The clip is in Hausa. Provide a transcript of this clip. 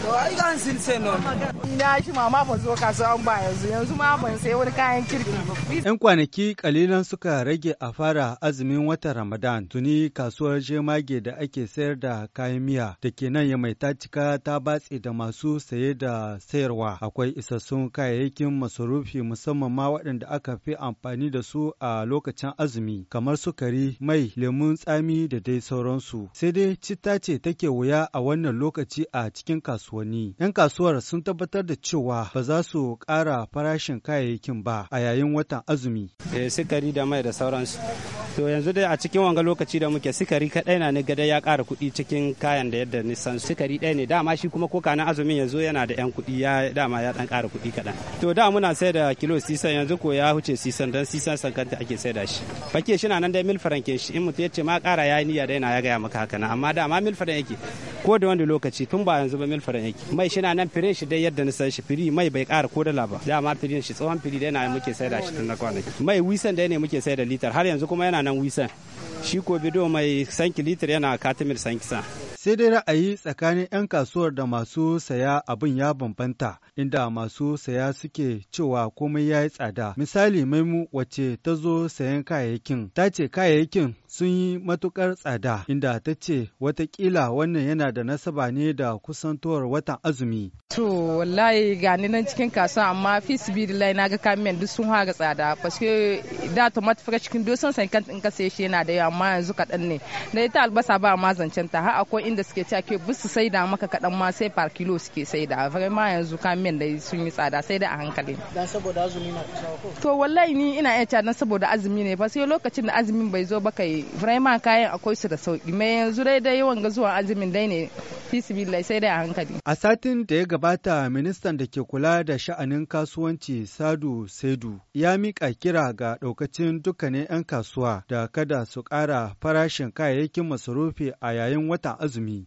ga ban sai wani kayan kirki Yan kwanaki kalilan suka rage a fara azumin watan Ramadan tuni kasuwar Jemage da ake sayar da kayan miya da ke nan ya mai ta cika ta batse da masu saye da sayarwa akwai isassun kayayyakin masarufi musamman ma waɗanda aka fi amfani da su a lokacin azumi kamar sukari mai lemun tsami da dai sauransu sai dai citta ce take wuya a wannan lokaci a cikin kasuwa kasuwanni. 'Yan kasuwar sun tabbatar da cewa ba za su ƙara farashin kayayyakin ba a yayin watan azumi. Eh, sikari da mai da sauransu. To yanzu dai a cikin wanga lokaci da muke sikari kadai na ni gada ya ƙara kuɗi cikin kayan da yadda nisan sikari ɗaya ne dama shi kuma ko na azumin yanzu yana da 'yan kuɗi ya dama ya ɗan ƙara kuɗi kaɗan. To da muna sai da kilo sisan yanzu ko ya huce sisan don sisan sankanta ake sai da shi. Fake shi na nan dai mil faranke shi in mutum ya ce ma ƙara ya yi niyya daina ya gaya maka haka amma dama mil faran ko da wani lokaci tun ba yanzu ba mil faran yake mai shi na nan firin shi dai yadda na san shi firi mai bai ƙara ko dala ba dama firin shi tsohon firi dai na muke saida shi tun na kwanaki mai wisan dai ne muke da litar har yanzu kuma yana nan wisan shi ko bido mai sanki litar yana katimir sankisa sai dai ra'ayi tsakanin 'yan kasuwar da masu saya abin ya bambanta inda masu saya suke cewa komai ya yi tsada misali maimu wacce ta zo sayan kayayyakin ta ce kayayyakin sun yi matuƙar tsada, inda ta ce watakila wannan yana da nasaba ne da kusantowar watan azumi. To wallahi gani nan cikin kasuwa amma fi sibidillahi na ga kamiyan duk sun haga tsada paske da tomat fresh cikin dosan san kan in ka saye shi yana da yawa amma yanzu kaɗan ne. Da ita albasa ba ma zancen ta har akwai inda suke ci ake bisu sai da maka kaɗan ma sai par kilo suke sai da ma yanzu kamiyan da sun yi tsada sai da a hankali. Dan saboda azumi na kusa ko? To wallahi ni ina iya ca dan saboda azumi ne fa sai lokacin da azumin bai zo ba kai dai kayan akwai su da sauki mai yanzu dai dai yawan ga zuwa azumin dai ne bismillah sai dai a hankali a satin da ya gabata ministan da ke kula da sha'anin kasuwanci sadu saidu ya mika kira ga daukacin dukkanin 'yan kasuwa da kada su kara farashin kayayyakin masarufi a yayin watan azumi